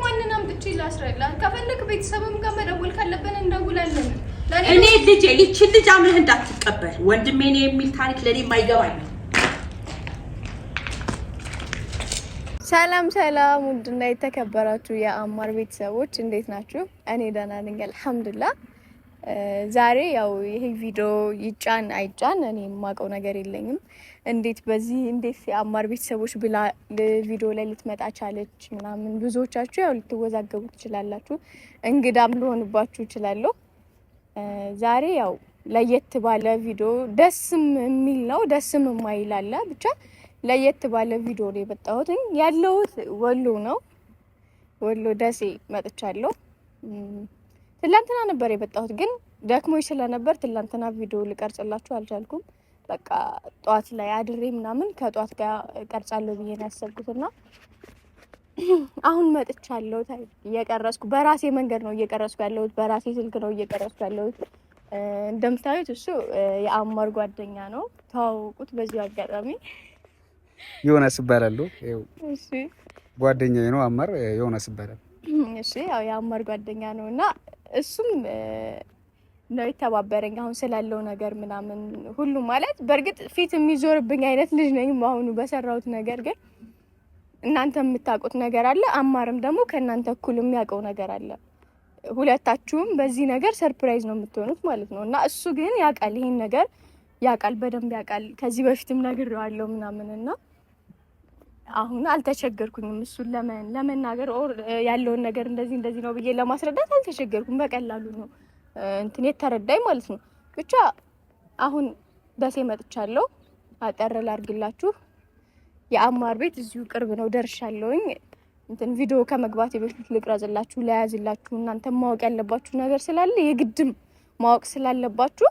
ማንንም ብቻ ላስራላ ከፈለክ ቤተሰብም ጋር መደወል ካለብን እንደውላለን። እኔ ልጅ ልጅ አምነህ እንዳትቀበል ወንድሜ የሚል ታሪክ ለእኔ የማይገባኝ ሰላም ሰላም፣ ውድና የተከበራችሁ የአማር ቤተሰቦች እንዴት ናችሁ? እኔ ደህና ነኝ አልሐምዱሊላህ። ዛሬ ያው ይሄ ቪዲዮ ይጫን አይጫን እኔ የማውቀው ነገር የለኝም። እንዴት በዚህ እንዴት የአማር ቤተሰቦች ብላ ቪዲዮ ላይ ልትመጣ ቻለች ምናምን ብዙዎቻችሁ ያው ልትወዛገቡ ትችላላችሁ። እንግዳም ልሆንባችሁ እችላለሁ። ዛሬ ያው ለየት ባለ ቪዲዮ ደስም የሚል ነው ደስም የማይላለ ብቻ ለየት ባለ ቪዲዮ ነው የመጣሁት። ያለሁት ወሎ ነው፣ ወሎ ደሴ መጥቻለሁ። ትላንትና ነበር የመጣሁት፣ ግን ደክሞች ስለነበር ትላንትና ቪዲዮ ልቀርጽላችሁ አልቻልኩም። በቃ ጠዋት ላይ አድሬ ምናምን ከጠዋት ጋር ቀርጻለሁ ብዬ ነው ያሰብኩትና አሁን መጥቻለሁ። እየቀረስኩ በራሴ መንገድ ነው እየቀረስኩ ያለሁት፣ በራሴ ስልክ ነው እየቀረስኩ ያለሁት። እንደምታዩት እሱ የአማር ጓደኛ ነው፣ ተዋወቁት በዚሁ አጋጣሚ ዮናስ ይባላሉ። ጓደኛዬ ነው አማር ዮናስ ይባላል። እሺ ያው የአማር ጓደኛ ነው እና እሱም ነው የተባበረኝ አሁን ስላለው ነገር ምናምን ሁሉ ማለት በእርግጥ ፊት የሚዞርብኝ አይነት ልጅ ነኝ በአሁኑ በሰራሁት ነገር ግን እናንተ የምታውቁት ነገር አለ። አማርም ደግሞ ከእናንተ እኩል የሚያውቀው ነገር አለ። ሁለታችሁም በዚህ ነገር ሰርፕራይዝ ነው የምትሆኑት ማለት ነው እና እሱ ግን ያውቃል፣ ይህን ነገር ያውቃል፣ በደንብ ያውቃል። ከዚህ በፊትም ነግሬዋለሁ ምናምን እና አሁን አልተቸገርኩኝም። እሱን ለምን ለመናገር ኦር ያለውን ነገር እንደዚህ እንደዚህ ነው ብዬ ለማስረዳት አልተቸገርኩም። በቀላሉ ነው እንትን የተረዳኝ ማለት ነው። ብቻ አሁን ደሴ መጥቻለሁ። አጠር ላርግላችሁ፣ የአማር ቤት እዚሁ ቅርብ ነው፣ ደርሻለሁኝ። እንትን ቪዲዮ ከመግባት የበፊት ልቅረጽላችሁ፣ ለያዝላችሁ እናንተ ማወቅ ያለባችሁ ነገር ስላለ የግድም ማወቅ ስላለባችሁ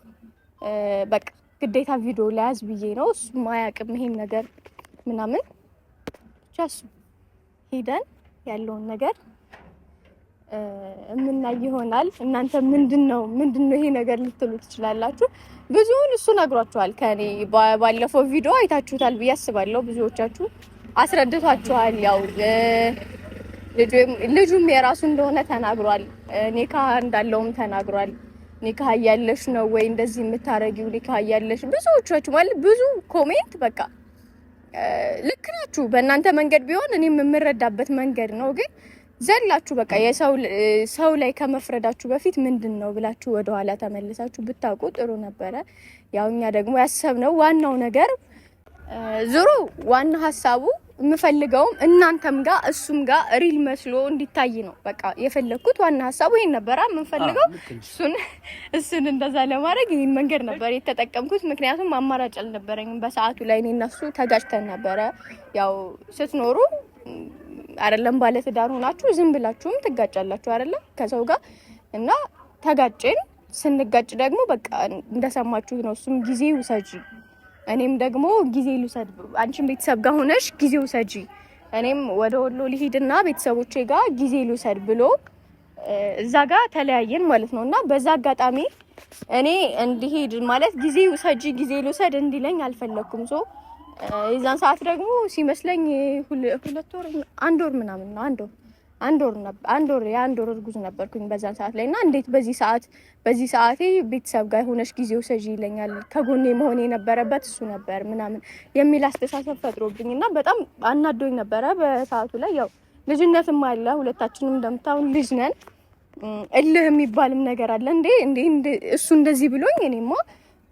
በቃ ግዴታ ቪዲዮ ለያዝ ብዬ ነው። እሱ አያውቅም ይሄን ነገር ምናምን ብቻ እሱ ያለውን ነገር የምናይ ይሆናል። እናንተ ምንድን ነው ምንድን ነው ይሄ ነገር ልትሉ ትችላላችሁ። ብዙውን እሱ ነግሯችኋል። ከኔ ባለፈው ቪዲዮ አይታችሁታል ብዬ አስባለሁ። ብዙዎቻችሁ አስረድቷችኋል። ያው ልጁም የራሱ እንደሆነ ተናግሯል። ኒካ እንዳለውም ተናግሯል። ኒካ እያለሽ ነው ወይ እንደዚህ የምታረጊው? ኒካ እያለሽ ብዙዎቻችሁ ማለት ብዙ ኮሜንት በቃ ልክ ናችሁ። በእናንተ መንገድ ቢሆን እኔ የምረዳበት መንገድ ነው። ግን ዘላችሁ በቃ የሰው ላይ ከመፍረዳችሁ በፊት ምንድን ነው ብላችሁ ወደኋላ ተመልሳችሁ ብታውቁ ጥሩ ነበረ። ያው እኛ ደግሞ ያሰብነው ዋናው ነገር ዙሩ ዋና ሀሳቡ የምፈልገውም እናንተም ጋር እሱም ጋር ሪል መስሎ እንዲታይ ነው። በቃ የፈለግኩት ዋና ሀሳቡ ይሄን ነበረ የምንፈልገው እሱን እሱን እንደዛ ለማድረግ ይህን መንገድ ነበር የተጠቀምኩት። ምክንያቱም አማራጭ አልነበረኝም በሰዓቱ ላይ እኔ እነሱ ተጋጭተን ነበረ። ያው ስትኖሩ አይደለም ባለትዳር ሆናችሁ ዝም ብላችሁም ትጋጫላችሁ አይደለም ከሰው ጋር እና ተጋጭን። ስንጋጭ ደግሞ በቃ እንደሰማችሁ ነው። እሱም ጊዜ ውሰጂ እኔም ደግሞ ጊዜ ልውሰድ። አንቺም ቤተሰብ ጋር ሆነሽ ጊዜ ውሰጂ፣ እኔም ወደ ወሎ ልሂድና ቤተሰቦቼ ጋር ጊዜ ልውሰድ ብሎ እዛ ጋር ተለያየን ማለት ነው። እና በዛ አጋጣሚ እኔ እንዲሄድ ማለት ጊዜ ውሰጂ፣ ጊዜ ልውሰድ እንዲለኝ አልፈለግኩም። ሶ የዛን ሰዓት ደግሞ ሲመስለኝ ሁለት ወር አንድ ወር ምናምን ነው አንድ ወር አንድ ወር አንድ ወር የአንድ ወር እርጉዝ ነበርኩኝ በዛን ሰዓት ላይ እና እንዴት በዚህ ሰዓት በዚህ ሰዓቴ ቤተሰብ ጋር የሆነች ጊዜ ውሰጂ ይለኛል። ከጎኔ መሆን የነበረበት እሱ ነበር ምናምን የሚል አስተሳሰብ ፈጥሮብኝ እና በጣም አናዶኝ ነበረ በሰዓቱ ላይ ያው ልጅነትም አለ ሁለታችንም እንደምታውን ልጅ ነን። እልህ የሚባልም ነገር አለ እንዴ እንዴ እሱ እንደዚህ ብሎኝ እኔማ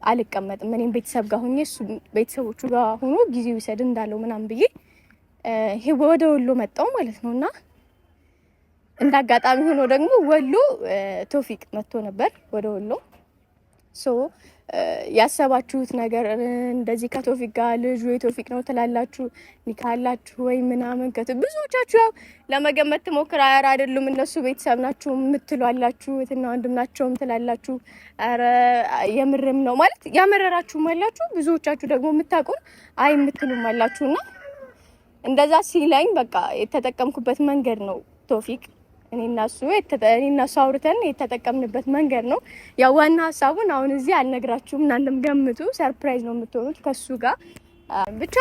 አልቀመጥም እኔም ቤተሰብ ጋር ሆኜ እሱ ቤተሰቦቹ ጋር ሆኖ ጊዜ ይሰድ እንዳለው ምናምን ብዬ ወደ ወሎ መጣው ማለት ነው እና እንደ አጋጣሚ ሆኖ ደግሞ ወሎ ቶፊቅ መጥቶ ነበር ወደ ወሎ። ሶ ያሰባችሁት ነገር እንደዚህ ከቶፊቅ ጋር ልጁ የቶፊቅ ነው ትላላችሁ፣ ኒካላችሁ ወይ ምናምን ከት ብዙዎቻችሁ ያው ለመገመት ትሞክር። አያር አይደሉም እነሱ ቤተሰብ ናችሁ የምትሏላችሁ፣ እህትና ወንድም ናቸውም ትላላችሁ። ኧረ የምርም ነው ማለት ያመረራችሁም አላችሁ፣ ብዙዎቻችሁ ደግሞ የምታውቁን አይ የምትሉም አላችሁ። እና እንደዛ ሲለኝ በቃ የተጠቀምኩበት መንገድ ነው ቶፊቅ እኔና እሱ አውርተን የተጠቀምንበት መንገድ ነው። ያው ዋና ሀሳቡን አሁን እዚህ አልነግራችሁም፣ እናንተም ገምቱ። ሰርፕራይዝ ነው የምትሆኑት ከሱ ጋር ብቻ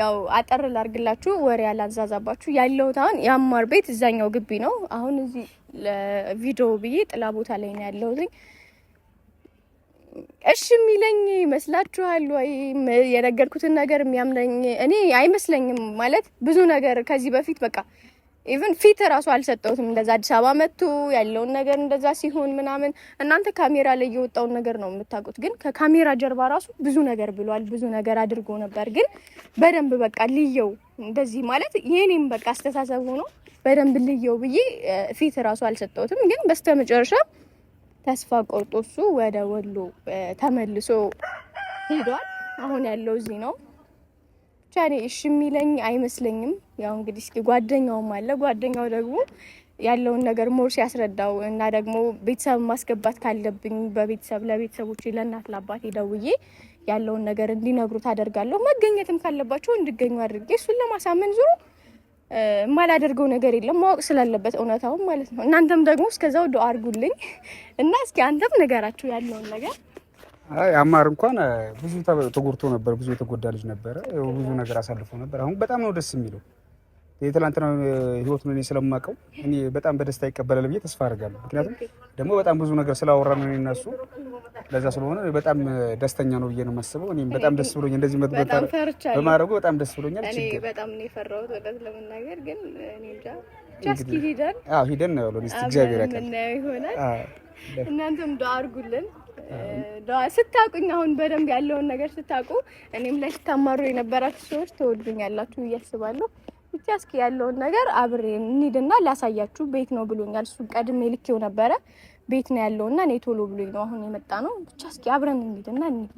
ያው አጠር ላርግላችሁ፣ ወሬ ያላንዛዛባችሁ። ያለሁት አሁን የአማር ቤት እዛኛው ግቢ ነው። አሁን እዚህ ለቪዲዮ ብዬ ጥላ ቦታ ላይ ነው ያለሁት። እሺ የሚለኝ ይመስላችኋል ወይ? የነገርኩትን ነገር የሚያምነኝ እኔ አይመስለኝም። ማለት ብዙ ነገር ከዚህ በፊት በቃ ኢቨን ፊት እራሱ አልሰጠሁትም። እንደዛ አዲስ አበባ መጥቶ ያለውን ነገር እንደዛ ሲሆን ምናምን እናንተ ካሜራ ላይ የወጣውን ነገር ነው የምታውቁት። ግን ከካሜራ ጀርባ ራሱ ብዙ ነገር ብሏል፣ ብዙ ነገር አድርጎ ነበር። ግን በደንብ በቃ ልየው እንደዚህ ማለት የኔም በቃ አስተሳሰብ ሆኖ በደንብ ልየው ብዬ ፊት እራሱ አልሰጠሁትም። ግን በስተመጨረሻ ተስፋ ቆርጦ እሱ ወደ ወሎ ተመልሶ ሄዷል። አሁን ያለው እዚህ ነው። እኔ እሺ የሚለኝ አይመስለኝም። ያው እንግዲህ እስኪ ጓደኛውም አለ። ጓደኛው ደግሞ ያለውን ነገር ሞር ሲያስረዳው እና ደግሞ ቤተሰብ ማስገባት ካለብኝ በቤተሰብ ለቤተሰቦች ለእናት ለአባት ደውዬ ያለውን ነገር እንዲነግሩ ታደርጋለሁ። መገኘትም ካለባቸው እንዲገኙ አድርጌ እሱን ለማሳመን ዙሮ የማላደርገው ነገር የለም። ማወቅ ስላለበት እውነታውን ማለት ነው። እናንተም ደግሞ እስከዛው ዶ አድርጉልኝ እና እስኪ አንተም ነገራችሁ ያለውን ነገር አማር እንኳን ብዙ ተጎድቶ ነበር። ብዙ የተጎዳ ልጅ ነበረ። ብዙ ነገር አሳልፎ ነበር። አሁን በጣም ነው ደስ የሚለው። የትላንትና ህይወት ነው እኔ ስለማውቀው እኔ በጣም በደስታ ይቀበላል ብዬ ተስፋ አድርጋለሁ። ምክንያቱም ደግሞ በጣም ብዙ ነገር ስላወራ ነው እኔ ለዛ ስለሆነ በጣም ደስተኛ ነው ብዬ ነው የማስበው። እኔም በጣም ደስ ብሎኝ እንደዚህ መጥበት በማድረጉ በጣም ደስ ብሎኛል። ችግር በጣም ነው የፈራሁት ወደት ለመናገር ግን እኔ እንጃ ጃስኪ ሂደን አዎ ሂደን ነው ያለው። እስቲ እግዚአብሔር ያቀርብ እናንተም ዶ አድርጉልን ስታቁኝ አሁን በደንብ ያለውን ነገር ስታቁ እኔም ላይ ስታማሩ የነበራችሁ ሰዎች ተወዱኛላችሁ ብዬ አስባለሁ። ብቻ እስኪ ያለውን ነገር አብሬ እንሂድና ላሳያችሁ። ቤት ነው ብሎኛል። እሱ ቀድሜ ልኬው ነበረ ቤት ነው ያለውና እኔ ቶሎ ብሎኝ ነው አሁን የመጣ ነው። ብቻ እስኪ አብረን እንሂድና እንሂድ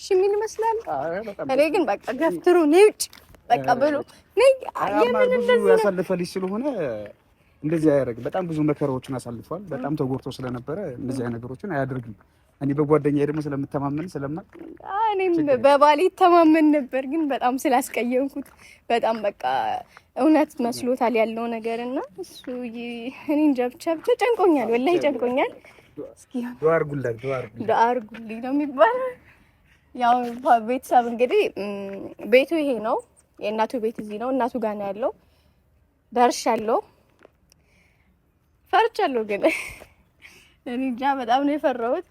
እሺ። ምን ይመስላል? እኔ ግን በቃ ገፍትሩ ኔ ውጭ በቃ ብሎ ነይ የምን እንደዚህ ነው ያሳልፈልሽ ስለሆነ እንደዚህ አያደርግም። በጣም ብዙ መከራዎችን አሳልፏል። በጣም ተጎድቶ ስለነበረ እንደዚህ አይነት ነገሮችን አያደርግም። እኔ በጓደኛ ደግሞ ስለምተማመን ስለማ እኔም በባሌ ተማመን ነበር፣ ግን በጣም ስላስቀየምኩት በጣም በቃ እውነት መስሎታል ያለው ነገር እና እሱ እኔ እንጃ ብቻ ብቻ ጨንቆኛል፣ ወላሂ ጨንቆኛል። ዱአ አድርጉላት፣ ዱአ አድርጉልኝ ነው የሚባለው። ያው ቤተሰብ እንግዲህ ቤቱ ይሄ ነው፣ የእናቱ ቤት እዚህ ነው። እናቱ ጋር ነው ያለው። ደርሻለሁ ፈርቻለሁ ግን እኔ እንጃ በጣም ነው የፈራሁት።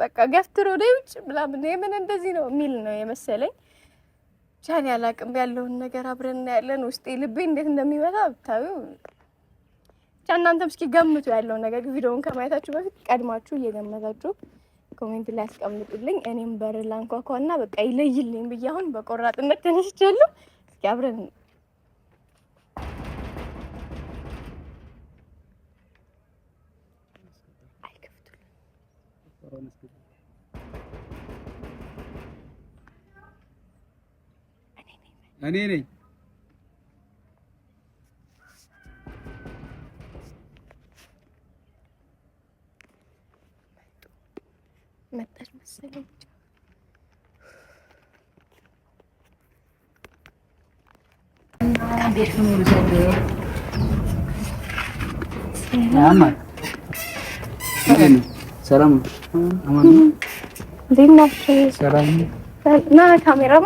በቃ ገፍትሮ ወደ ውጭ ምናምን የምን እንደዚህ ነው የሚል ነው የመሰለኝ። ቻን ያላቅም ያለውን ነገር አብረን እናያለን። ውስጤ ልቤ እንዴት እንደሚመታ ብታዩ ቻ። እናንተም እስኪ ገምቱ ያለውን ነገር። ቪዲዮውን ከማየታችሁ በፊት ቀድማችሁ እየገመታችሁ ኮሜንት ላይ አስቀምጡልኝ። እኔም በር ላንኳኳና በቃ ይለይልኝ ብዬ አሁን በቆራጥነት ተነስቻለሁ። እስኪ አብረን ስራውን አስገባ። እኔ ነኝ። መጣች መሰለኝ። ሰላም ና ካሜራማ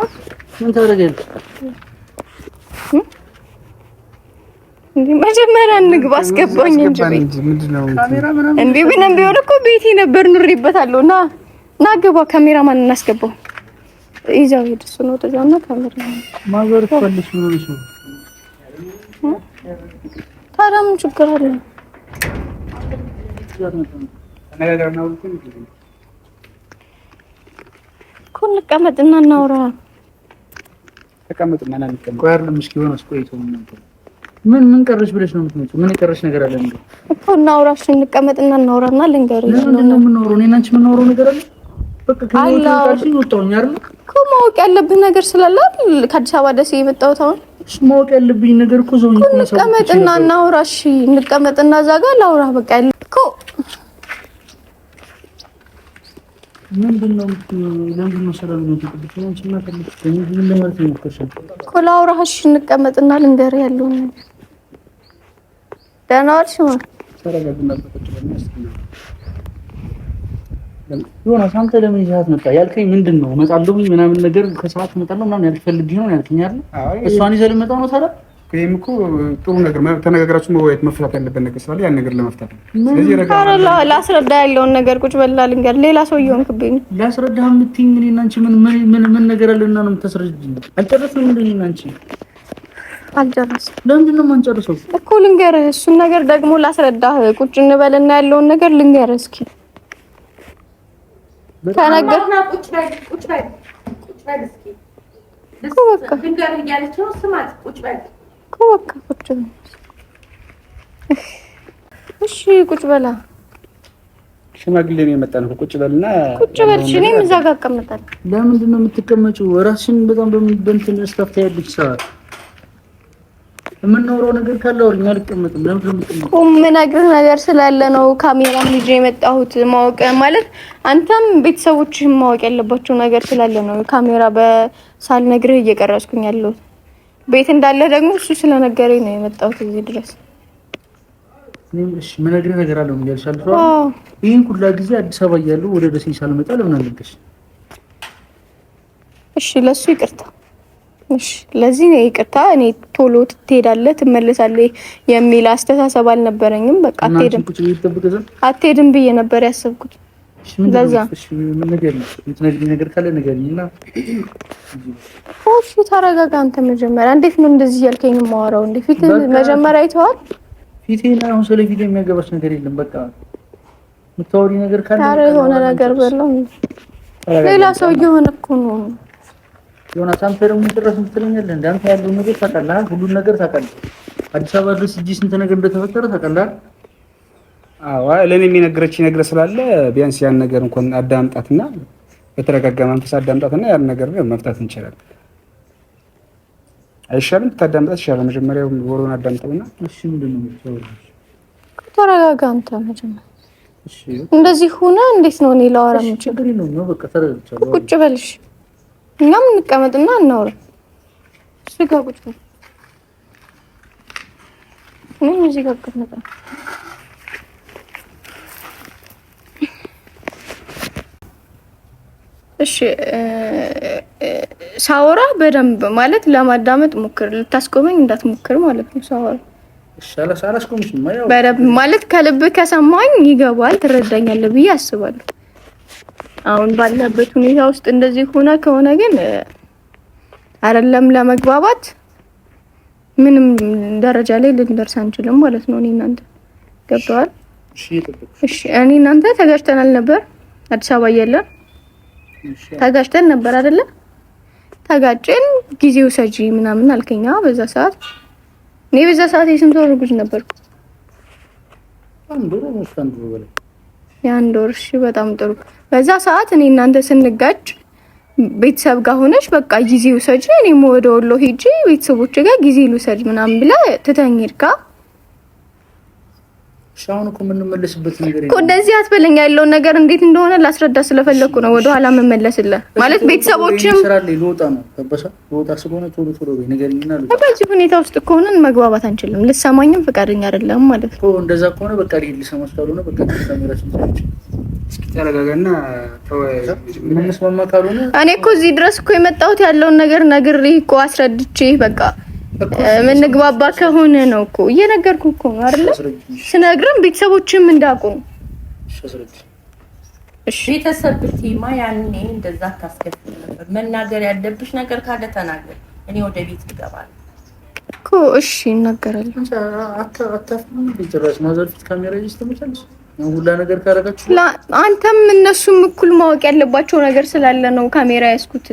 መጀመሪያ እንግባ አስገባኝ እንጂ እንዴ ምንም ቢሆን እኮ ቤቴ ነበር ኑሬበታለሁ። እና ና ግባ፣ ካሜራማን እናስገባው። ይዛው ሄድ እሱ ነው ተዛውና ካሜራ ማዘር ታዲያ ምን ችግር አለ? እኮ እንቀመጥና እናውራ። ተቀመጥ ማን እስኪ ሆነስ ቆይቶ ምን ምን ቀረሽ ብለሽ ነው የምትመጪው? ምን የቀረሽ ነገር አለ እንዴ? እኮ እናውራ። እሺ እንቀመጥና እናውራና ልንገርሽ። ምንድን ነው የምናወራው? እኔ እና አንቺ የምናወራው ነገር አለ። እኮ ማወቅ ያለብህ ነገር ስላለ ከአዲስ አበባ ደሴ የመጣሁት አሁን። እሺ ማወቅ ያለብኝ ነገር እኮ እንቀመጥና እናውራ። እሺ እንቀመጥና እዛ ጋር ላውራ። በቃ እኮ ምንድነው ምንድነው ነው እንቀመጥና ልንገር ያለው ነው ደህና ዋልሽ ማ ዮናስ አንተ ለምን ሰዓት መጣ ያልከኝ እመጣለሁ ምናምን ነገር ከሰዓት እመጣለሁ ምናምን ያልፈልግ ያልከኝ አይደል እሷን ይዘህ ልመጣ ነው ታዲያ ይህም እኮ ጥሩ ነገር ተነጋግራችሁ መወያየት መፍታት ያለበት ነገር ስላለ ያን ነገር ለመፍታት ነው። ላስረዳ ያለውን ነገር ቁጭ በላ ልንገር። ሌላ ሰው እየሆንክብኝ ላስረዳ የምትይኝ እኔ እና አንቺ ምን ምን ነገር አለና ነው ተስረጅ አልጨረስንም እንደ እኔ እና አንቺ አልጨረስንም። ለምንድን ነው የማንጨርሰው እኮ ልንገር፣ እሱን ነገር ደግሞ ላስረዳህ ቁጭ እንበልና ያለውን ነገር ልንገር እስኪ ተነገር ቁጭ በል ቁጭ በል ቁጭ በል እስኪ ልንገር በቃ እያለች ነው። ስማት ቁጭ በል በቃ ቁጭ እሺ ቁጭ በላ። ሽማግሌ ነው የመጣ ነው። ቁጭ በልና ቁጭ በል። እኔም እዛ ጋር እቀመጣለሁ። ለምንድን ነው የምትቀመጪው? እራስሽን በጣም ስታፍታ ያለች ሰዓት የምንኖረው ነገር ካለ አውሪኝ። አልቀመጥም። የምነግርህ ነገር ስላለ ነው ካሜራም ይዤ የመጣሁት። ማወቅ ማለት አንተም ቤተሰቦችህም ማወቅ ያለባቸው ነገር ስላለ ነው ካሜራ በሳልነግርህ እየቀረጽኩኝ ያለሁት። ቤት እንዳለ ደግሞ እሱ ስለነገረኝ ነው የመጣሁት እዚህ ድረስ። ምነግርህ ነገር አለው እንዲ ያልሻል። ይሄን ሁላ ጊዜ አዲስ አበባ እያለሁ ወደ ደሴ ሳልመጣ ለምን አልነገርሽ? እሺ ለሱ ይቅርታ። እሺ ለዚህ ነው ይቅርታ። እኔ ቶሎ ትሄዳለህ ትመለሳለህ የሚል አስተሳሰብ አልነበረኝም። በቃ አትሄድም አትሄድም ብዬ ነበር ያሰብኩት። እሺ፣ ተረጋጋ አንተ። መጀመሪያ እንዴት ነው እንደዚህ እያልከኝ የማወራው? እንደ ፊት መጀመሪያ አይተዋል። ፊቴን አሁን ስለ ፊቴ የሚያገባሽ ነገር የለም። በቃ የምታወሪ ነገር ካለ የሆነ ነገር በለው። ሌላ ሰው እየሆነ እኮ ነው ዮናስ። አንተ ደግሞ ምትለኛለህ። ነገር ታውቃለህ፣ ሁሉን ነገር ታውቃለህ። አዲስ አበባ ድረስ እጅ ስንት ነገር እንደተፈጠረ ታውቃለህ። ለእኔ የሚነግረች ነገር ስላለ ቢያንስ ያን ነገር እንኳን አዳምጣትና በተረጋጋ መንፈስ አዳምጣትና ያን ነገር መፍታት እንችላለን። አይሻልም? ብታዳምጣት ይሻላል። መጀመሪያ ወሮን አዳምጠውና ተረጋጋ። አንተ መጀመሪያ እንደዚህ ሆነ። እንዴት ነው እኔ ላወራ የምችለው? ቁጭ በልሽ። እኛም እንቀመጥና እናውራ። ስጋ ቁጭ በል። እኔም እዚህ ጋር እቀመጣለሁ። እሺ ሳወራ በደንብ ማለት ለማዳመጥ ሞክር። ልታስቆመኝ እንዳትሞክር ማለት ነው። ሳወራ በደንብ ማለት ከልብ ከሰማኝ ይገባል፣ ትረዳኛለህ ብዬ አስባለሁ። አሁን ባለበት ሁኔታ ውስጥ እንደዚህ ሆነ ከሆነ ግን አይደለም ለመግባባት ምንም ደረጃ ላይ ልንደርስ አንችልም ማለት ነው። እኔ እናንተ ገብተዋል። እሺ እኔ እናንተ ተገርተናል ነበር አዲስ አበባ እያለን ተጋጭተን ነበር አይደለ? ተጋጭን ጊዜው ሰጂ ምናምን አልከኛ። በዛ ሰዓት እኔ በዛ ሰዓት የስንት ወር ጉድ ነበርኩ? የአንድ ወር። እሺ፣ በጣም ጥሩ። በዛ ሰዓት እኔ እናንተ ስንጋጭ ቤተሰብ ጋር ሆነሽ በቃ ጊዜ ሰጂ፣ እኔም ወደ ወሎ ሄጂ ቤተሰቦች ጋር ጊዜ ልውሰድ ምናምን ብላ ትተኝ ሄድካ አሁን እኮ የምንመለስበት ነገር እኮ እንደዚህ አትበለኝ። ያለውን ነገር እንዴት እንደሆነ ላስረዳ ስለፈለግኩ ነው ወደኋላ የምመለስልህ። ማለት ቤተሰቦችም ልወጣ ነው ገባሻ? ልወጣ ስለሆነ ቶሎ ቶሎ ንገሪኝና በዚህ ሁኔታ ውስጥ ከሆነን መግባባት አንችልም። ልሰማኝም ፈቃደኛ አይደለም ማለት ነው። እንደዛ ከሆነ በቃ ልሄድ ልሰማሽ ካልሆነ በቃ ተረጋጋና እኔ እኮ እዚህ ድረስ እኮ የመጣሁት ያለውን ነገር ነግሬህ እኮ አስረድቼ በቃ ምንግባባ ከሆነ ነው እኮ እየነገርኩ እኮ ነው አይደል? ስነግርም ቤተሰቦችም እንዳቁ ነው። እሺ ቤተሰብ ብትይማ ያኔ እንደዛ ታስከፍል ነበር። መናገር ያለብሽ ነገር ካለ ተናገር። እኔ ወደ ቤት እገባለሁ እኮ። እሺ ይናገራል። ሁላ ነገር ካረጋችሁ አንተም እነሱም እኩል ማወቅ ያለባቸው ነገር ስላለ ነው ካሜራ ያዝኩት።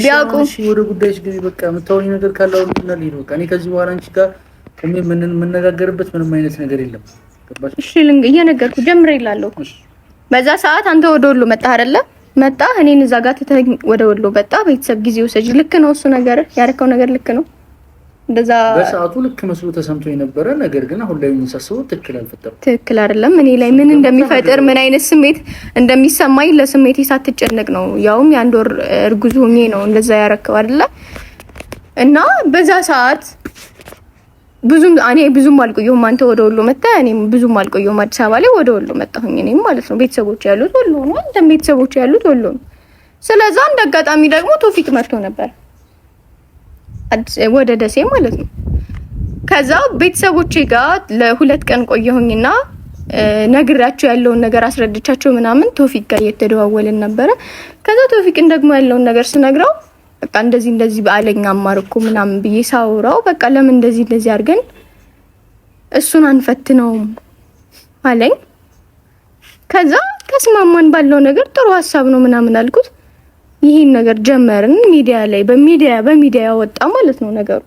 ቢያውቁ ወደ ጉዳይሽ ግቢ። በቃ የምታወኝ ነገር ካለው አውሪኝ እና ልሂድ። በቃ እኔ ከዚህ በኋላ አንቺ ጋር ቆሜ የምነጋገርበት ምንም አይነት ነገር የለም። እሺ እየነገርኩ ጀምሬ እላለሁ። በዛ ሰዓት አንተ ወደ ወሎ መጣህ አይደለ? መጣህ፣ እኔን እዛ ጋር ትተህ ወደ ወሎ መጣህ። ቤተሰብ ጊዜ ውሰጅ። ልክ ነው እሱ ነገር ያደረከው ነገር ልክ ነው። እንደዛ በሰዓቱ ልክ መስሎ ተሰምቶ የነበረ ነገር ግን አሁን ላይ የሚሳስበው ትክክል አልፈጠሩም። ትክክል አይደለም። እኔ ላይ ምን እንደሚፈጥር ምን አይነት ስሜት እንደሚሰማኝ ለስሜቴ ሳትጨነቅ ነው። ያውም የአንድ ወር እርጉዝ ሆኜ ነው እንደዛ ያረከው አይደለ እና በዛ ሰዓት ብዙም እኔ ብዙም አልቆየሁም። አንተ ወደ ወሎ መጣ፣ እኔም ብዙም አልቆየሁም አዲስ አበባ ላይ ወደ ወሎ መጣሁኝ። እኔም ማለት ነው ቤተሰቦች ያሉት ወሎ ነው፣ አንተም ቤተሰቦች ያሉት ወሎ ነው። ስለዛ እንደ አጋጣሚ ደግሞ ቶፊቅ መጥቶ ነበር ወደ ደሴ ማለት ነው። ከዛው ቤተሰቦቼ ጋር ለሁለት ቀን ቆየሁኝና ነግራቸው ያለውን ነገር አስረድቻቸው ምናምን ቶፊቅ ጋር እየተደዋወልን ነበረ። ከዛ ቶፊቅን ደግሞ ያለውን ነገር ስነግረው በቃ እንደዚህ እንደዚህ በአለኝ አማር እኮ ምናምን ብዬ ሳውራው በቃ ለምን እንደዚህ እንደዚህ አድርገን እሱን አንፈትነውም አለኝ። ከዛ ተስማማን ባለው ነገር ጥሩ ሀሳብ ነው ምናምን አልኩት። ይህን ነገር ጀመርን። ሚዲያ ላይ በሚዲያ በሚዲያ ያወጣ ማለት ነው ነገሩ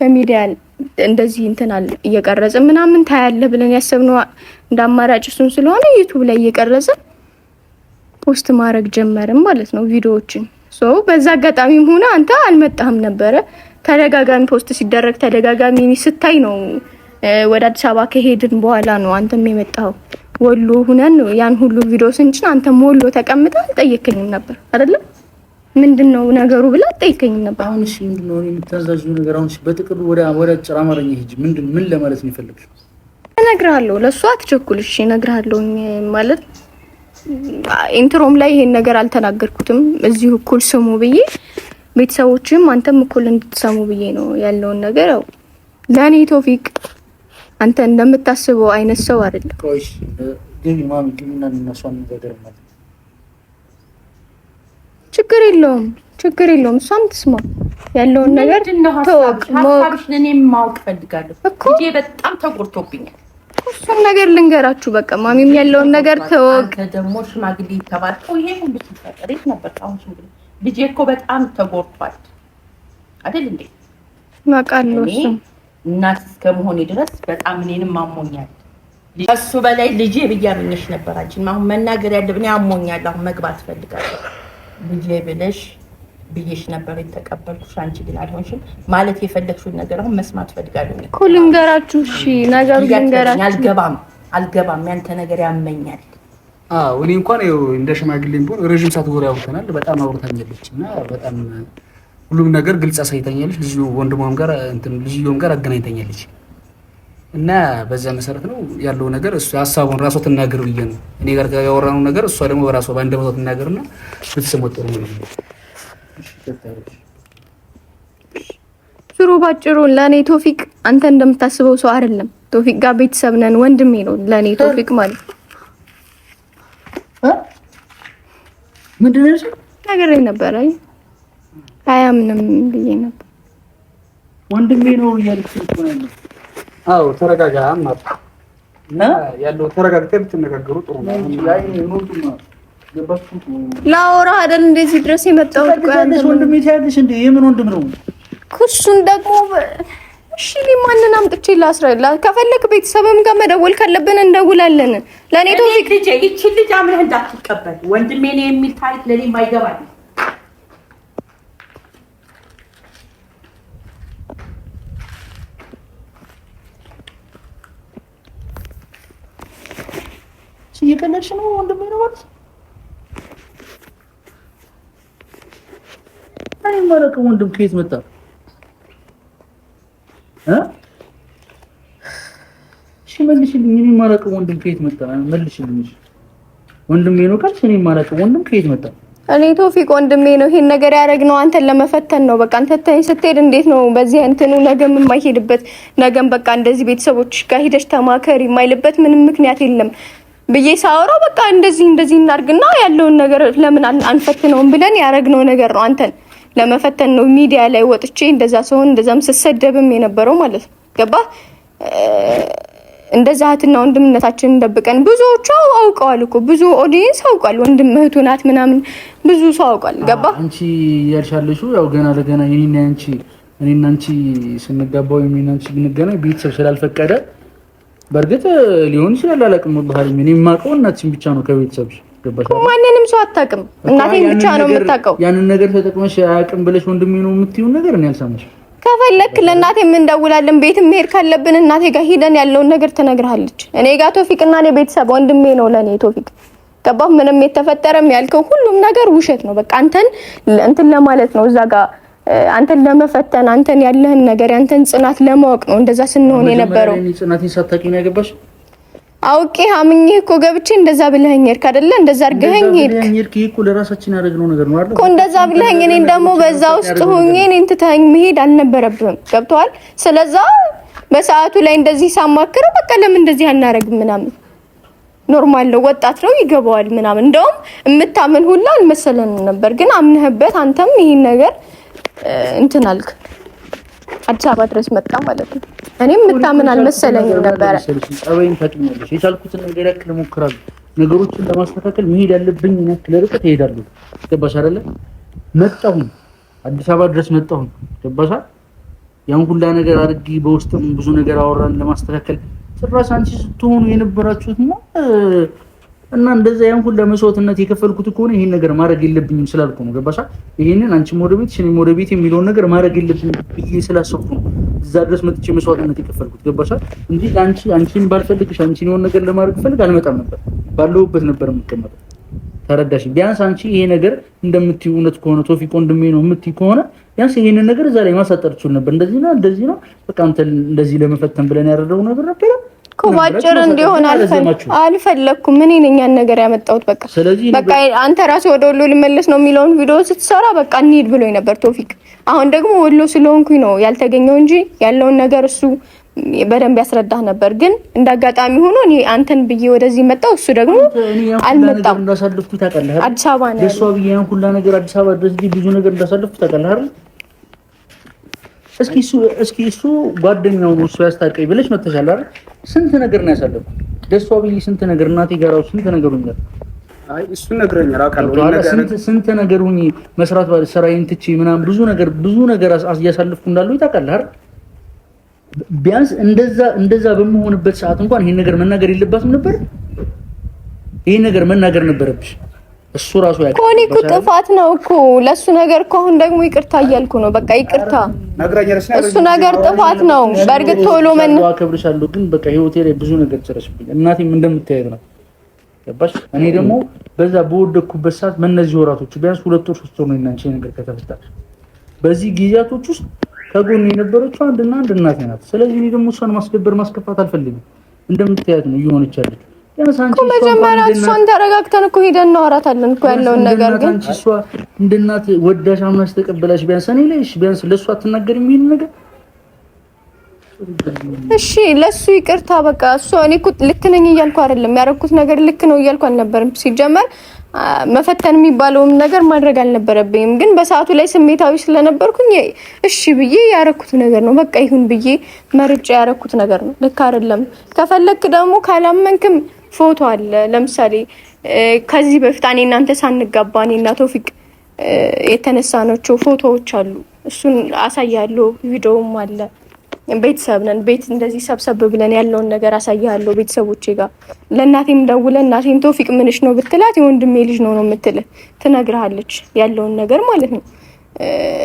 በሚዲያ እንደዚህ እንትን አለ እየቀረጸ ምናምን ታያለ ብለን ያሰብነው እንደ አማራጭ እሱን ስለሆነ ዩቱብ ላይ እየቀረጸ ፖስት ማድረግ ጀመርን ማለት ነው ቪዲዮዎችን። ሶ በዛ አጋጣሚም ሆነ አንተ አልመጣህም ነበረ። ተደጋጋሚ ፖስት ሲደረግ ተደጋጋሚ ስታይ ነው። ወደ አዲስ አበባ ከሄድን በኋላ ነው አንተም የመጣው። ወሎ ሁነን ያን ሁሉ ቪዲዮ ስንጭን አንተም ወሎ ተቀምጠ አልጠየቅኝም ነበር አይደለም ምንድን ነው ነገሩ ብላ ጠይቀኝ ነበር። አሁን እሺ ምንድን ነው የምታዛዥ ነገር? አሁን እሺ፣ በጥቅሉ ወደ ወደ ጭራ አማርኛ ሂጅ። ምንድን ምን ለማለት ነው የፈለግሽው? እነግርሃለሁ። ለእሱ አትቸኩል። እሺ እነግርሃለሁ ማለት ኢንትሮም ላይ ይሄን ነገር አልተናገርኩትም። እዚሁ እኩል ስሙ ብዬ ቤተሰቦችም አንተም እኩል እንድትሰሙ ብዬ ነው ያለውን ነገር ያው ለእኔ ቶፊቅ አንተ እንደምታስበው አይነት ሰው አይደለም። ችግር የለውም፣ ችግር የለውም። እሷም ትስማ ያለውን ነገር ተወቅ እኔ ማወቅ ፈልጋለሁ እኮ በጣም ተጎድቶብኛል። እሱን ነገር ልንገራችሁ። በቃ ማሚም ያለውን ነገር ተወቅ። ደግሞ ሽማግሌ ተባልከው ይሄ ሁሉ ሲፈጠሬት ነበር። አሁን ልጄ እኮ በጣም ተጎድቷል አይደል እንዴ? ማቃለሁ እናት እስከ መሆኔ ድረስ በጣም እኔንም አሞኛል። ከሱ በላይ ልጄ ብያምንሽ ነበር። አንቺን አሁን መናገር ያለብን አሞኛል። አሁን መግባት ፈልጋለሁ ብዬ ብለሽ ብዬሽ ነበር የተቀበልኩሽ፣ አንቺ ግን አልሆንሽም። ማለት የፈለግሽውን ነገር አሁን መስማት ፈልጋለሁ እኮ ልንገራችሁ። እሺ ነገሩ ልንገራችሁ። አልገባም አልገባም፣ ያንተ ነገር ያመኛል። አዎ እኔ እንኳን ይኸው እንደ ሽማግሌም ቢሆን ረዥም ሰዓት ወሬ አውርተናል። በጣም አውርታኛለች እና በጣም ሁሉም ነገር ግልጽ አሳይታኛለች። ልጅ ወንድሟም ጋር እንትን ልጅዮም ጋር አገናኝታኛለች። እና በዚያ መሰረት ነው ያለው ነገር። እሱ ሀሳቡን ራሷ ትናገር ብዬ ነው እኔ ጋር ያወራነው ነገር። እሷ ደግሞ በራሷ በአንድ ቦታ ትናገርና ብትሰሞት ጥሩ ነው። ጭሩ ባጭሩ ለእኔ ቶፊቅ አንተ እንደምታስበው ሰው አይደለም። ቶፊቅ ጋር ቤተሰብ ነን፣ ወንድሜ ነው ለእኔ ቶፊቅ ማለት ምንድን ነገር ነበረ አያምንም ብዬ ነበር ወንድሜ ነው እያልኩ ነው አዎ ተረጋጋ። አማት ያለው ተረጋግተህ ብትነጋገሩ ጥሩ ነው። ላወራህ አይደል እንደዚህ ድረስ የመጣሁት። ወንድሜ ትያለሽ እንዴ? የምን ወንድም ነው እሱን ደግሞ እሺ ማንን አምጥቼ ላስረላ? ከፈለክ ቤተሰብም ጋር መደወል ካለብን እንደውላለን። ለኔ ቶፊቅ ልጅ ይቺ ልጅ አምነህ እንዳትቀበል ወንድሜ ነው የሚል ታሪክ ለኔ ማይገባል እየቀለድሽ ነው ወንድሜ ነው ማለት እኔ የማላውቀው ወንድም ከየት መጣ እሺ መልሽልኝ። እኔ የማላውቀው ወንድም ከየት መጣ መልሽልኝ። ወንድሜ ነው ካልሽ እኔ የማላውቀው ወንድም ከየት መጣ? እኔ ቶፊቅ ወንድሜ ነው። ይሄን ነገር ያደረግነው አንተን ለመፈተን ነው። በቃ አንተ ተኝ ስትሄድ እንዴት ነው በዚህ እንትኑ ነገም የማይሄድበት ነገም በቃ እንደዚህ ቤተሰቦች ጋር ሂደሽ ተማከሪ የማይልበት ምንም ምክንያት የለም። ብዬ ሳወራው በቃ እንደዚህ እንደዚህ እናርግና ያለውን ነገር ለምን አንፈትነውም ብለን ያረግነው ነገር ነው። አንተን ለመፈተን ነው ሚዲያ ላይ ወጥቼ እንደዛ ሲሆን እንደዛም ስሰደብም የነበረው ማለት ነው። ገባ እንደዛ እህትና ወንድምነታችንን እንደብቀን ብዙዎቹ አውቀዋል እኮ ብዙ ኦዲየንስ አውቋል። ወንድም እህቱ ናት ምናምን ብዙ ሰው አውቋል። ገባ አንቺ ያልሻለሹ ያው ገና ለገና እኔና አንቺ እኔና አንቺ ስንገባው የሚናንቺ ብንገናኝ ቤተሰብ ስላልፈቀደ በእርግጥ ሊሆን ይችላል አላውቅም። ወላሂ እኔ የማውቀው እናትሽን ብቻ ነው ከቤተሰብሽ ማንንም ሰው አታውቅም። እናቴን ብቻ ነው የምታውቀው። ያንን ነገር ተጠቅመሽ አያውቅም ብለሽ ወንድሜ ነው የምትይውን ነገር እኔ አልሰማሽም። ከፈለክ ለእናቴ እንደውላለን። ቤትም መሄድ ካለብን እናቴ ጋር ሂደን ያለውን ነገር ትነግርሃለች። እኔ ጋር ቶፊቅ እና እኔ ቤተሰብ ወንድሜ ነው ለእኔ ቶፊቅ ገባህ? ምንም የተፈጠረም ያልከው ሁሉም ነገር ውሸት ነው። በቃ አንተን እንትን ለማለት ነው እዛ ጋር አንተን ለመፈተን አንተን ያለህን ነገር አንተን ጽናት ለማወቅ ነው እንደዛ ስንሆን የነበረው። አውቄ አምኜ እኮ ገብቼ እንደዛ ብለኸኝ ሄድክ አይደለ? እንደዛ አድርገኸኝ ሄድክ እኮ እንደዛ ብለኸኝ፣ እኔን ደግሞ በዛ ውስጥ ሆኜ እኔን ትተኸኝ መሄድ አልነበረብህም። ገብቶሃል? ስለዛ በሰዓቱ ላይ እንደዚህ ሳማክር በቃ ለምን እንደዚህ አናረግም ምናምን ኖርማል ነው፣ ወጣት ነው፣ ይገባዋል ምናምን። እንደውም የምታምን ሁላ አልመሰለንም ነበር፣ ግን አምነህበት አንተም ይህን ነገር እንትን አልክ አዲስ አበባ ድረስ መጣ ማለት ነው። እኔም የምታምን አልመሰለኝም ነበረ። ጠበይን ታውቂኛለሽ። የቻልኩትን ነገር ያክል እሞክራለሁ። ነገሮችን ለማስተካከል መሄድ ያለብኝ ያክል ርቀት እሄዳለሁ። ገባሽ አይደለ? መጣሁኝ፣ አዲስ አበባ ድረስ መጣሁኝ። ገባሽ? ያን ሁላ ነገር አድርጊ፣ በውስጥም ብዙ ነገር አወራን ለማስተካከል። ጭራሽ አንቺ ስትሆኑ የነበራችሁት ነው እና እንደዚህ ያን ሁሉ ለመስዋዕትነት የከፈልኩት ከሆነ ይሄን ነገር ማድረግ የለብኝም ስላልኩ ነው። ገባሻ? ይሄንን አንቺ ወደ ቤት እኔም ወደ ቤት የሚለውን ነገር ማድረግ የለብኝም ብዬ ስላሰብኩ እዛ ድረስ መጥቼ መስዋዕትነት የከፈልኩት ገባሻ? እንጂ አንቺ አንቺን ባልፈልግሽ አንቺን የሆነ ነገር ለማድረግ ፈልግ አልመጣም ነበር፣ ባለሁበት ነበር የምቀመጠው። ተረዳሽ? ቢያንስ አንቺ ይሄ ነገር እንደምትይው እውነት ከሆነ ቶፊቅ ወንድሜ ነው የምትይው ከሆነ ቢያንስ ይሄንን ነገር እዛ ላይ ማሳጠር ትችል ነበር። እንደዚህ ነው እንደዚህ ነው በቃ አንተ እንደዚህ ለመፈተን ብለን ያደረገው ነገር ነበር። እኮ ባጭር እንዲሆን አልፈለኩም። እኔ ነኝ ያን ነገር ያመጣሁት። በቃ ስለዚህ በቃ አንተ ራስህ ወደ ወሎ ልመለስ ነው የሚለውን ቪዲዮ ስትሰራ በቃ እንሂድ ብሎኝ ነበር ቶፊክ። አሁን ደግሞ ወሎ ስለሆንኩኝ ነው ያልተገኘው እንጂ ያለውን ነገር እሱ በደንብ ያስረዳህ ነበር። ግን እንዳጋጣሚ ሆኖ እኔ አንተን ብዬ ወደዚህ መጣው፣ እሱ ደግሞ አልመጣም። እንዳሳለፍኩ ታውቃለህ። አዲስ አበባ ነው ያለው። እሷ ብዬ ያን ሁላ ነገር አዲስ አበባ ድረስ ብዙ ነገር እንዳሳለፍኩ ታውቃለህ አይደል እስኪ እሱ እስኪ እሱ ጓደኛው ነው እሱ ያስታቀኝ ብለሽ መተሻል አይደል? ስንት ነገር ነው ያሳለፉ ደሷ ብዬ ስንት ነገር እናቴ ጋር ስንት ነገር ነው። አይ እሱ ነግረኛል ስንት ስንት ነገር ሁኚ መስራት ስራዬን ትቼ ምናምን ብዙ ነገር ብዙ ነገር እያሳለፍኩ እንዳለው ታውቃለህ አይደል? ቢያንስ እንደዛ እንደዛ በምሆንበት ሰዓት እንኳን ይሄን ነገር መናገር የለባትም ነበር። ይሄን ነገር መናገር ነበረብሽ። እሱ ራሱ ያ ኮኒ እኮ ጥፋት ነው እኮ ለሱ ነገር እኮ አሁን ደግሞ ይቅርታ እያልኩ ነው። በቃ ይቅርታ እሱ ነገር ጥፋት ነው። በእርግጥ ቶሎ መን አከብርሻለሁ፣ ግን በቃ ህይወቴ ላይ ብዙ ነገር ጨረስብኝ። እናቴም እንደምታየው ነው ገባሽ። እኔ ደግሞ በዛ በወደኩበት ሰዓት በእነዚህ ወራቶች ቢያንስ ሁለት ወር ሶስት ወር ነው እናንቺ ነገር ከተፈታ በዚህ ጊዜያቶች ውስጥ ከጎን የነበረችው አንድና አንድ እናቴ ናት። ስለዚህ እኔ ደግሞ እሷን ማስደበር ማስከፋት አልፈልግም። እንደምታያት ነው እየሆነች ያለችው መጀመሪያ እሷን ተረጋግተን እኮ ሄደን እናወራታለን እኮ ያለውን ነገር። ግን እሷ እንደ እናት ወዳሽ አምናሽ ተቀበላሽ፣ ቢያንስ እኔ ላይ ቢያንስ ለእሷ አትናገሪም ይሄን ነገር። እሺ ለእሱ ይቅርታ በቃ እሱ እኔ እኮ ልክ ነኝ እያልኩ አይደለም። ያደረኩት ነገር ልክ ነው እያልኩ አልነበርም። ሲጀመር መፈተን የሚባለውም ነገር ማድረግ አልነበረብኝም። ግን በሰዓቱ ላይ ስሜታዊ ስለነበርኩኝ እሺ ብዬ ያረኩት ነገር ነው። በቃ ይሁን ብዬ መርጬ ያረኩት ነገር ነው። ልክ አይደለም። ከፈለክ ደግሞ ካላመንክም ፎቶ አለ። ለምሳሌ ከዚህ በፊት እኔ እናንተ ሳንጋባ እኔ እና ቶፊቅ የተነሳናቸው ፎቶዎች አሉ። እሱን አሳያለሁ። ቪዲዮም አለ። ቤተሰብ ነን። ቤት እንደዚህ ሰብሰብ ብለን ያለውን ነገር አሳያለሁ ቤተሰቦቼ ጋር። ለእናቴም ደውለ እናቴም ቶፊቅ ምንሽ ነው ብትላት የወንድሜ ልጅ ነው ነው የምትል ትነግርሃለች ያለውን ነገር ማለት ነው።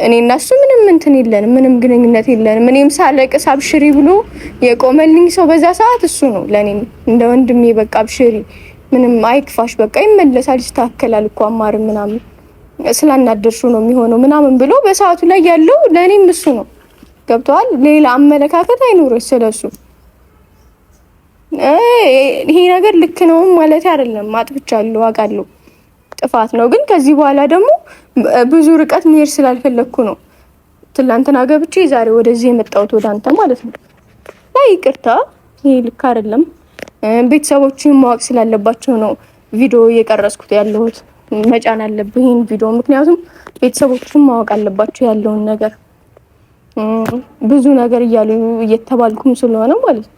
እኔ እና እሱ ምንም እንትን የለንም፣ ምንም ግንኙነት የለንም። እኔም ሳለቅስ አብሽሪ ብሎ የቆመልኝ ሰው በዛ ሰዓት እሱ ነው ለኔ እንደ ወንድሜ። በቃ አብሽሪ፣ ምንም አይክፋሽ፣ በቃ ይመለሳል፣ ይስተካከላል እኮ አማር ምናምን ስላናደርሹ ነው የሚሆነው ምናምን ብሎ በሰዓቱ ላይ ያለው ለእኔም እሱ ነው። ገብተዋል። ሌላ አመለካከት አይኖረች ስለሱ። ይሄ ነገር ልክ ነውም ማለት አይደለም። አጥፍቻለሁ፣ አውቃለሁ፣ ጥፋት ነው። ግን ከዚህ በኋላ ደግሞ ብዙ ርቀት መሄድ ስላልፈለግኩ ነው። ትላንትና ገብቼ ዛሬ ወደዚህ የመጣሁት ወደ አንተ ማለት ነው። ላይ ይቅርታ፣ ይህ ልክ አይደለም። ቤተሰቦችን ማወቅ ስላለባቸው ነው ቪዲዮ እየቀረጽኩት ያለሁት። መጫን አለብህ ይህን ቪዲዮ፣ ምክንያቱም ቤተሰቦችን ማወቅ አለባቸው ያለውን ነገር ብዙ ነገር እያሉ እየተባልኩም ስለሆነ ማለት ነው።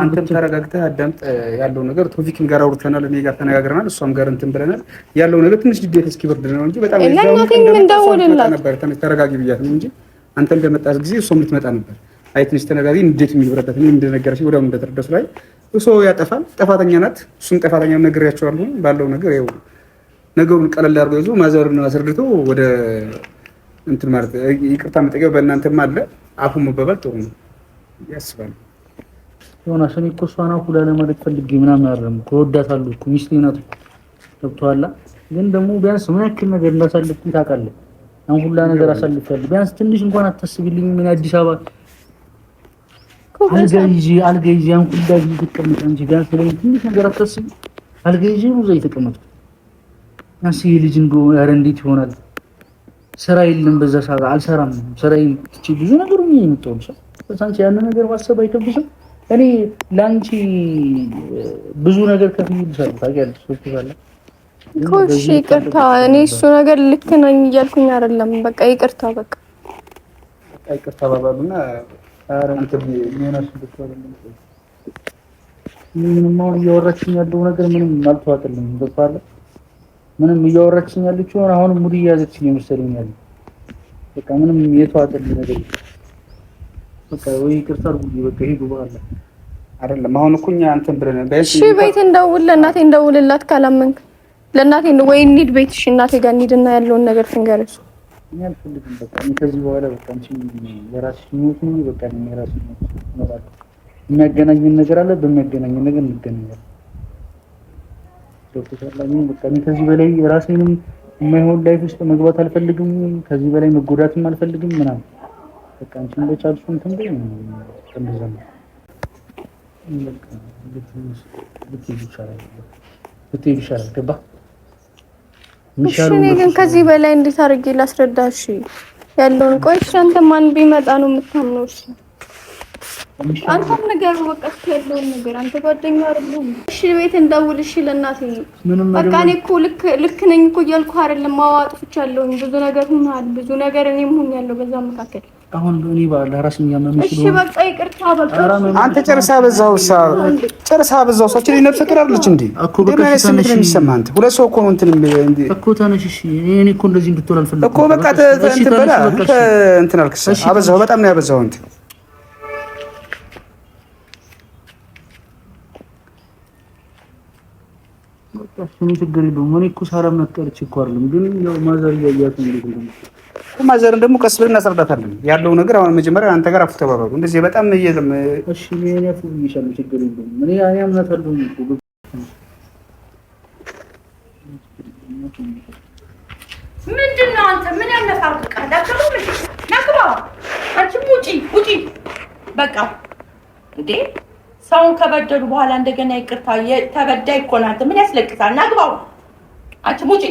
አንተም ተረጋግተህ አዳምጥ። ያለው ነገር ቶፊክም ጋር አውርተናል፣ እኔ ጋር ተነጋግረናል፣ እሷም ጋር እንትን ብለናል። ያለው ነገር ትንሽ ድዴት እስኪበርድ ነው እንጂ በጣም ነበር። ተረጋጊ ብያት ነው እንጂ አንተ እንደመጣት ጊዜ እሷም ልትመጣ ነበር። አይ ትንሽ ተነጋጊ፣ እንዴት የሚበረታት እኔም እንደነገረች ወዲያውኑ እንደተረዳሱ ላይ እሶ ያጠፋል፣ ጠፋተኛ ናት። እሱም ጥፋተኛ ነግሬያቸዋለሁ። ባለው ነገር ያው ነገሩን ቀለል አድርጎ ይዞ ማዘርና አስረድቶ ወደ እንትን ማለት ይቅርታ መጠየቅ በእናንተም አለ አፉ መባባል ጥሩ ነው ያስባል ዮናስ ሰኔ እኮ እሷን ሁላ ለማድረግ ፈልጌ ምናምን አይደለም እኮ እወዳታለሁ እኮ ሚስቴ ናት ገብቶሃል። ግን ደግሞ ቢያንስ ምን ያክል ነገር እንዳሳልፍኩኝ ታውቃለህ። አሁን ሁላ ነገር አሳልፌያለሁ። ቢያንስ ትንሽ እንኳን አታስብልኝ። ምን አዲስ አበባ አልጋ ይዤ አልጋ ይዤ አሁን ሁላ ጊዜ ተቀምጠ እንጂ ቢያንስ ለኝ ትንሽ ነገር አታስብ። አልጋ ይዤ ብዙ የተቀመጥኩ ቢያንስ ይሄ ልጅ እንዶ ኧረ እንዴት ይሆናል? ስራ የለም በዛ ሰዓት አልሰራም። ስራ ብዙ ነገር ነው የሚጠውሰው። ያንን ነገር ማሰብ አይከብድም። እኔ ለአንቺ ብዙ ነገር ከፍዬልሻለሁ ታውቂያለሽ። ሆስፒታል ኮሽ ይቅርታ። እኔ እሱ ነገር ልክ ነኝ እያልኩኝ አይደለም። በቃ ይቅርታ፣ በቃ ይቅርታ ባባሉና ምንም አሁን እያወራችኝ ያለው ነገር ምንም አልተዋጥልም። ገባለ ምንም እያወራችኝ ያለችው አሁንም ሙድ እየያዘችኝ የመሰለኝ ያለ በቃ ምንም የተዋጥልኝ ነገር በቃ ወይ ይቅርታ አድርጉልኝ። በቃ ሄዱ በኋላ አይደለም አሁን እኮ እኛ እንትን ብለን በእሺ ቤት እንደውል ለእናቴ እንደውልላት ካላመንክ ለእናቴ ወይ እንሂድ ቤት እሺ፣ እናቴ ጋር እንሂድና ያለውን ነገር ትንገረች። እኔ አልፈልግም በቃ እኔ ከዚህ በኋላ በቃ አንቺ የራስሽ ኑት ነው በቃ እኔ የራስሽ ኑት ነው። የሚያገናኝን ነገር አለ፣ በሚያገናኝን ነገር እንገናኛለን። ዶክተር በቃ እኔ ከዚህ በላይ ራሴንም የማይሆን ላይፍ ውስጥ መግባት አልፈልግም። ከዚህ በላይ መጎዳትም አልፈልግም ምናምን በቃ እንትን በይ እንደዛ ይሻላል ገባ ግን ከዚህ በላይ እንዴት አድርጌ ላስረዳሽ ያለውን? ቆይ እሺ፣ አንተ ማን ቢመጣ ነው የምታምነው? እሺ አንተም ነገር በቃ ያለውን ነገር አንተ ጓደኛ አይደለም። እሺ ቤት እንደውል እሺ፣ ለእናቴ በቃ እኔ እኮ ልክ ልክ ነኝ እኮ እያልኩ አይደለም። ብዙ ነገር ሁናል፣ ብዙ ነገር እኔም ሁኛለሁ በዛ መካከል አሁን እኔ ለራስ የሚያመምሽ እሺ፣ በቃ ይቅርታ፣ በቃ አንተ ጨርሳ በዛው ሳ ጨርሳ በዛው ሳ ትሪ ነፍስ ፍቅር አለች እንዴ? ምን በቃ ስሜት ነው የሚሰማህ አንተ? ሁለት ሰው እኮ ነው እንትን እንዴ እኮ ተነሽ። እሺ፣ እኔ እኮ እንደዚህ እንድትሆን አልፈልግም እኮ በቃ እንትን በላ እንትን አልክስ። አበዛው፣ በጣም ነው ያበዛው አንተ። ችግር የለውም። እኔ እኮ ሳላም ነቀረች እኮ አይደለም ግን ያው ማዘር እያያት እንዴ ማዘርን ደግሞ ቀስ ብለን እናስረዳታለን። ያለው ነገር አሁን መጀመሪያ አንተ ጋር አፍተባበሩ እንደዚህ በጣም እየዘም እሺ፣ ችግር ምንድን ነው አንተ ምን ውጪ በቃ እንዴ! ሰውን ከበደሉ በኋላ እንደገና ይቅርታ ተበዳይ እኮ ነው። ምን ያስለቅሳል? ናግባው አንቺም ውጪ